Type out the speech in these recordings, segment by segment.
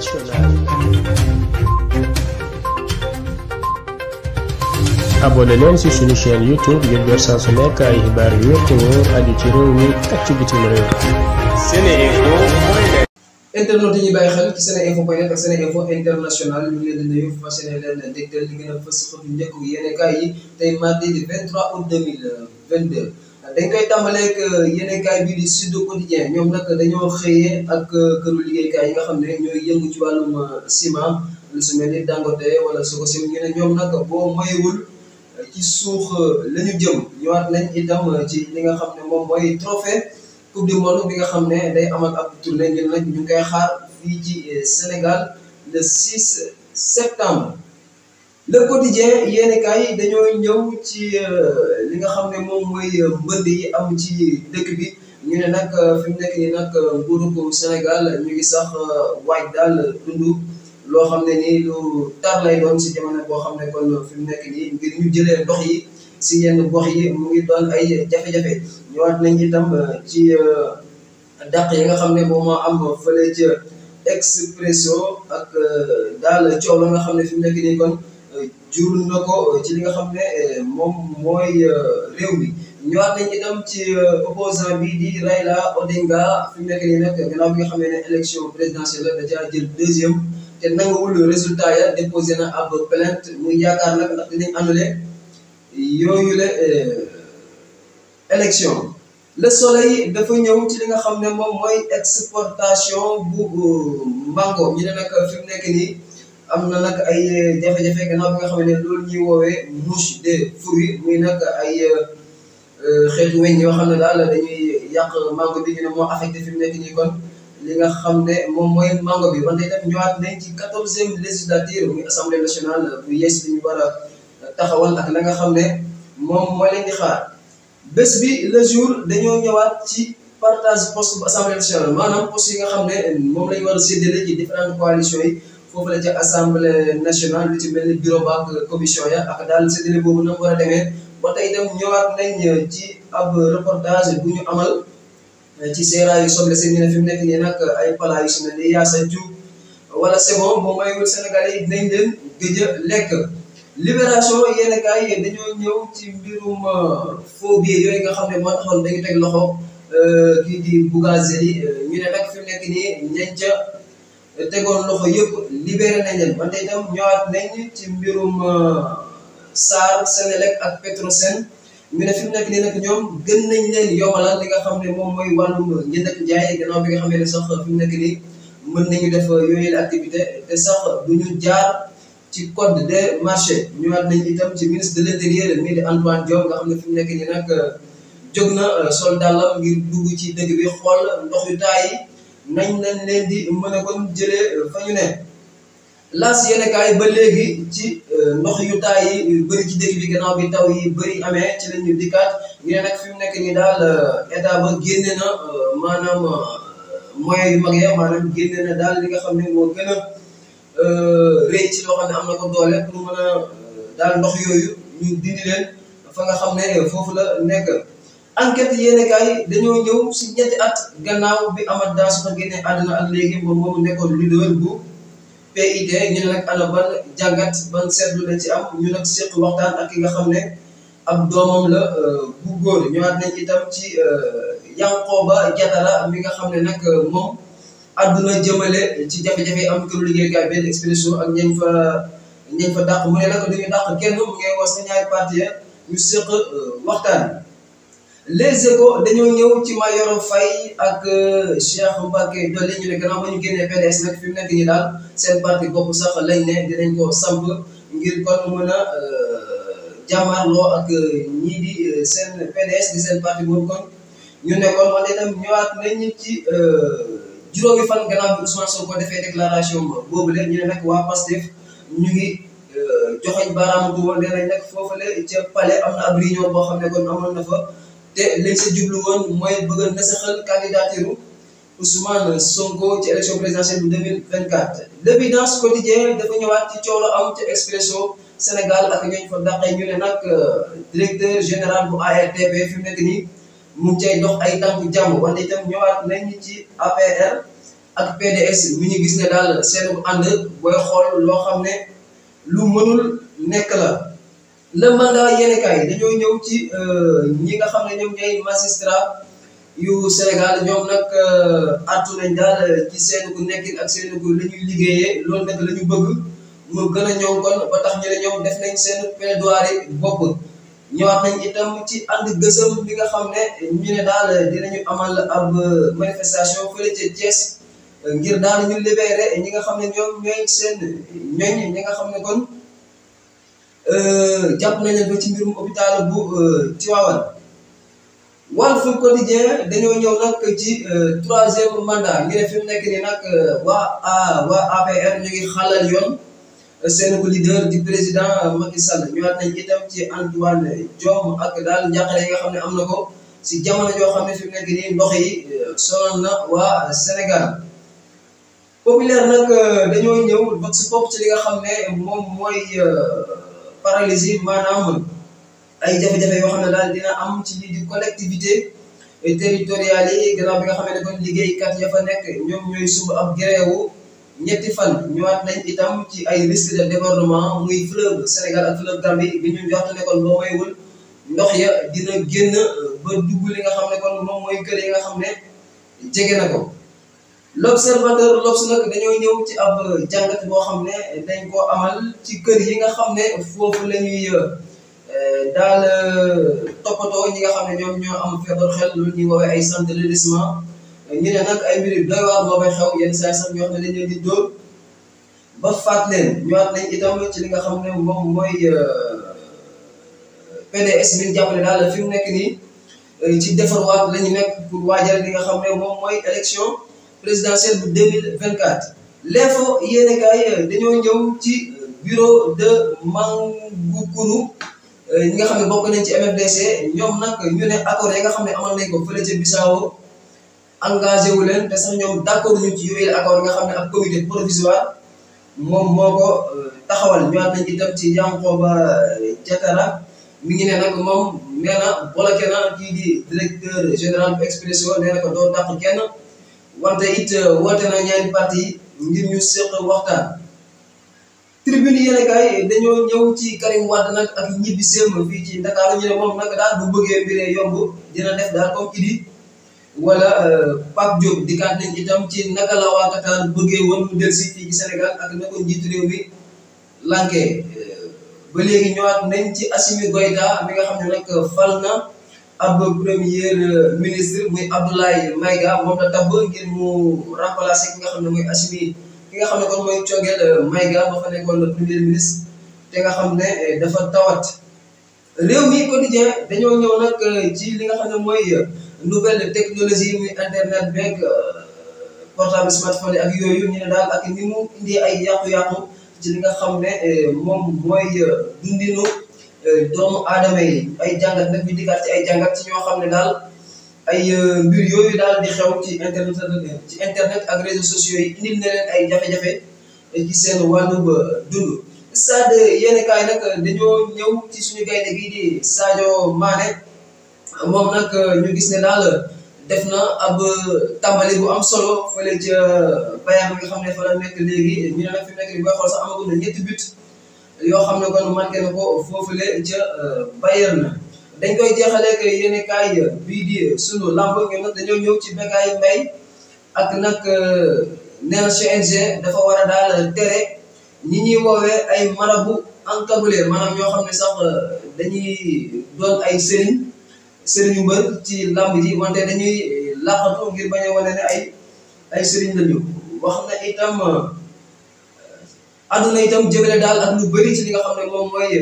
internationale. abonné leen ci suñu chaîne youtube ngir jot saa su nekk ay xibaar yu wér te wóor aju ci réew mi ak ci bitim réew. seneinfo.net. internautes yi ñu bàyyi xel ci seneinfo.net ak seneinfo international ñu ngi leen di nuyu fas yéene leen dégtal li gën a fës xëtu njëkk yéene kaay yi tey mardi di 23 août 2022. dañ koy tàmbaleeg euh, yéenekaay bii di Sud Quotidien ñoom nag dañoo xëyee ak euh, këru liggéeykaay yi nga xam ne ñooy yëngu ci wàllum euh, ciment lu su mel ni Dangote wala su ko sim ñu ne ñoom nag boo mayewul ci suux la ñu jëm ñëwaat nañ itam ci li nga xam ne moom mooy trophée coupe du monde bi nga xam ne day amal ab tournée ngir nag ñu ngi koy xaar fii ci Sénégal le 6 septembre. le quotidien yéen kay dañoo ñëw ci euh, li nga xam ne moom mooy euh, mbënd yi am ci dëkk bi ñu ne nag euh, fi nekk nii nag nguuru ko Sénégal ñu ngi sax waaj daal dund loo xam ne ni lu tar lay doon si jamono boo xam ne kon fi mu nekk nii ñu jëlee ndox yi si yenn box yi mu ngi doon ay jafe-jafe ñëwaat nañ itam ci daq yi nga xam ne moom moo am fële ca expression ak daal coow nga xam ne fi mu nekk nii kon. jur na ko euh, ci li nga xam ne euh, moom mooy euh, réew mi ñëwaat nañ itam ci opposant bi di Raila Odinga fi mu nekk nii nag gannaaw bi nga xam ne élection présidentielle da caa jël deuxième te nanguwul résultat ya déposé na ab plainte muy yaakaar nag ndax dinañ annulé yooyu la élection le soleil dafa ñëw ci li nga xam ne moom mooy exportation bu mango am na nag ay eh, jafe-jafe gannaaw bi nga xam ne loolu ñuy woowee mouche de fruits muy nag ay eh, eh, xeetu weñ yoo xam ne daal dañuy yàq mango bi ñu ne moo affecté fi mu nekk kon li nga xam ne moom mooy mango bi wante itam ñëwaat ci quatorzième législature muy assemblée nationale bu yees ñu war a taxawal ak nga xam ne moo leen di xaar bés bi le jour dañoo ñëwaat ci partage poste bu assemblée nationale maanaam poste yi nga xam ne moom lañu war a séddale ci différentes coalitions yi. foofu la ca assemblée nationale lu ci mel ni bureau ba ak commission ya ak daal séddale boobu na mu war a demee ba tey itam ñëwaat nañ ci ab reportage bu ñu amal eh, ci seeraayu soble seen ñu ne fi mu nekk nii nag ay palaa yu si mel ni yaasa Diouf wala c'est bon moom mooy wër yi dinañ leen gëj a lekk. libération yenn kaay dañoo ñëw ci mbirum faux eh, billets yooyu nga xam ne moo taxoon teg loxo eh, kii di Bougazelli ñu ne nag fi mu nekk nii te tegoon loxo yëpp libéré nañ man wante itam ñëwaat nañ ci mbirum euh, SAR Senelec ak Petrosen ñu ne fi mu nekk nii nag ñoom gën nañ leen yombalal li moom mooy wàllum njënd ak jaay gannaaw bi nga xam ne sax fi mu nekk nii mën nañu def yooyu activité te sax ñu jaar ci code des marchés ñëwaat nañ itam ci ministre de l'intérieur mii di Antoine Diome nga xam ne fi mu nekk nii nag euh, jóg na euh, sol dàllam ngir dugg ci dëkk bi xool ndox yu yi. nañ leen leen di mën a kon jëlee fa ne las yenekaay ba léegi ci euh, ndox yu taay yi bëri ci dëkk bi bi taw yi bëri amee ci la ñu dikkaat ñu nag fi nekk nii daal euh, état ba génne na euh, maanaam moyens yu mag ya maanaam génne na daal li nga xam ne moo gën rëy ci loo xam am na ko doole pour mën daal ndox yooyu ñu dindi leen fa nga xam ne foofu la nekk. enquête yéen kaay dañoo ñëw si ñetti at gannaaw bi Amath Dansokho génnee àdduna ak léegi moom moomu nekkoon leader bu PIT ñu ne nag ana jàngat ban seetlu la ci am ñu nag seq waxtaan ak ki nga xam ne ab doomam la euh, bu góor ñëwaat nañ itam ci euh, Yankoba Diatara mi nga xam ne nag euh, moom àdduna jëmale ci jafe-jafe am këru liggéeykaay benn expression ak ñañ fa ñañ fa dàq mu ne nag duñu dàq kenn mu ngay was na ñaari parti ñu seq waxtaan les échos dañoo ñëw ci Mayoro Faye ak euh, Cheikh Mbacké Dolly ñu ne gannaaw ba ñu génnee PDS nag fi nekk nii daal seen parti bopp sax lañ ne dinañ ko samp ngir kon mën a euh, jàmmarloo ak euh, ñii di PDS di seen parti boobu kon ñu ne kon man itam ñëwaat nañ ci juróomi fan gannaaw bi Ousmane defee déclaration boobu la ñu ne nag waa Pastef ñu ngi joxoñ baaraamu tuuma nee nañ nag foofu la ca Palais am na ab xam ne kon amoon na te les sa jublu woon mooy bëgg a nasaxal candidature Ousmane Sonko ci élection présidentielle bu 2024. l'évidence quotidienne dafa ñëwaat ci coow la am ci expression Sénégal ak ñooñ fa daqee ñu ne euh, directeur général bu ARTP fi mu nekk nii mu ngi cay dox ay tànku jàmm wante itam ñëwaat nañ ci APR ak PDS mi ñu gis ne daal seen ànd booy xool loo xam ne lu mënul nekk la. le mandat yéenekaay dañoo ñëw ci euh, ñi nga xam ne ñoom ñooy magistrat yu Sénégal ñoom nag euh, artu nañ daal ci seen ku nekkin ak seen ku la ñuy liggéeyee loolu nag la bëgg mu gën a ñëw kon ba tax ñu ne ñoom def nañ seen plaidoirie bopp ñëwaat nañ itam ci ànd gësëm bi nga xam ne ñu ne daal dinañu amal ab manifestation fële ca Thiès ngir daal ñu libéré ñi nga xam ne ñoom ñooy seen ñooñ ñi nga xam ne kon Euh, jàpp nañ leen ba ci mbirum hôpital bu euh, Tivaouane Walf Quotidien dañoo ñëw nag ci euh, troisième mandat ngir fi mu nekk nii nag waa waa APR ñu ngi xalal yoon seen ko leader di président Macky Sall ñëwaat nañ itam ci Antoine Diome ak daal njàqare yi nga xam ne am na ko si jamono joo xam ne fi mu nekk nii ndox yi sonal na waa Sénégal. populaire nag dañoo ñëw bokk si bopp ci li nga xam ne moom mooy paralysie maanaam ay jafe-jafe yoo xam ne daal dina am ci lii di collectivité territoriales yi gannaaw bi nga xam ne kon liggéeykat ya fa nekk ñoom ñooy sumb ab gréewu ñetti fan ñëwaat nañ itam ci ay risque de débordement muy fleuve Sénégal ak fleuve Gambie bi ñu njortu ne kon boo maywul ndox ya dina génn ba dugg li nga xam ne kon moom mooy kër nga xam ne jege na ko. l' observateur nag dañoo ñëw ci ab jàngat boo xam ne dañ koo amal ci kër yi nga xam ne foofu la ñuy euh, daal euh, toppatoo ñi nga xam ne ñoom ñoo lu ñuy woowee ay centre de redressement ñu ne nag ay mbir yu doy waar moo fay xew yenn saa sax ñoo ne dañ leen di dóor ba faat leen ñëwaat nañ itam ci li nga xam ne moom mooy euh, PDS bi ñu jàpp ne daal fi nekk nii ci defarwaat la ñu nekk pour waajal li nga xam ne moom mooy élection. présidentielle bu 2024 l'info yéene kaay dañoo ñëw ci euh, bureau de Mangoukounou euh, ñi nga xam ne bokk nañ ci MFDC ñoom nag ñu ne accord yi nga xam ne amal nañ ko fële ca Bissau engagé wu leen te sax ñoom d'accord ñu ci yooyu accord yi nga xam ne ab provisoire moom moo ko euh, taxawal ñëwaat nañ itam ci Yankhoba Diattara mi ngi ne nag moom nee na bloqué directeur général bu Expresso ko doo dàq kenn wante it euh, woote na ñaari parti ngir ñu séq waxtaan tribune yéene kaay dañoo ñëw ci Karim Wade nag ak ñibbi séem fii ci Ndakaaru ñu ne moom nag daal bëggee mbiree yomb dina def daal comme Idi wala euh, Pape Diop dikkaat nañ itam ci naka la waa Qatar bëggee woon mu dellusi fii ci Sénégal ak na ko njiitu réew mi lànkee euh, ba léegi ñëwaat nañ ci Assimi Goïta mi nga xam ab premier euh, ministre muy Abdoulaye Maïga moom la tabb ngir mu remplacer nga xam ne mooy Assimi ki nga xam ne kon mooy Choguel euh, Maïga ba fa nekkoon premier ministre te nga xam ne euh, dafa tawat réew mi quotidien dañoo ñëw nag ci li nga xam ne mooy nouvelle technologie muy internet beeg portable smartphone yi ak yooyu ñu ne daal ak ni mu indi ay yàqu-yàqu ci li nga xam ne moom mooy dundinu. Euh, doomu aadama yi ay jàngat nag ñu dikkaat ci ay jàngat ci ñoo xam ne daal ay euh, mbir yooyu daal di xew ci internet ci internet ak réseaux sociaux yi indil na ay jafe-jafe ci seen wàllub euh, dund. stade yenn kaay nag dañoo ñëw ci suñu gaynde gi di Sadio Mané moom nag ñu gis ne daal def na ab tàmbali bu am solo fële ca Bayern bi nga xam ne fa la nekk ñu ne nag fi mu nekk nii booy xool sax amaguñ na ñetti but. yoo xam ne kon manqué foofu ko ca euh, Bayern na dañ koy jeexalee ak yéen kaay bii di sunu lamb ñoom nag dañoo ñëw ci Bécaye Mbaye ak nag euh, nee na CNG dafa war a daal tere ñi ñuy woowee ay marabu encablé maanaam ñoo xam ne sax euh, dañuy doon ay sëriñ sëriñ yu mbër ci lamb ji wante dañuy làqatu ngir bañ a ne ay sëriñ lañu wax na itam. àdduna itam jëmale daal ak lu bëri ci li nga xam ne moom mooy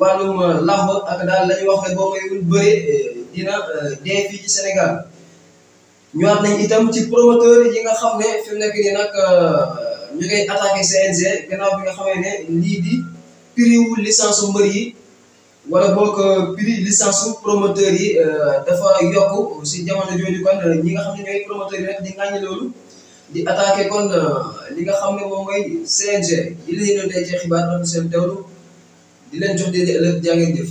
wàllum euh, làmb ak daal la wax boo mayul bëre euh, dina euh, dee fii ci Sénégal ñëwaat nañ itam ci promoteur yi nga xam ne fi mu nekk nag ñu ngay bi nga xamee ne lii di prix wu mbër yi wala boog prix licence su promoteur yi dafa yokk si jamono jooju kon ñi nga xam ne ñooy promoteur yi di ŋàññi loolu. di attaqué kon euh, li nga xam ne moom mooy CNG yi la ñu doon denc xibaar am seen teewlu di leen jox déedéet ëllëg jaa ngeen jëf.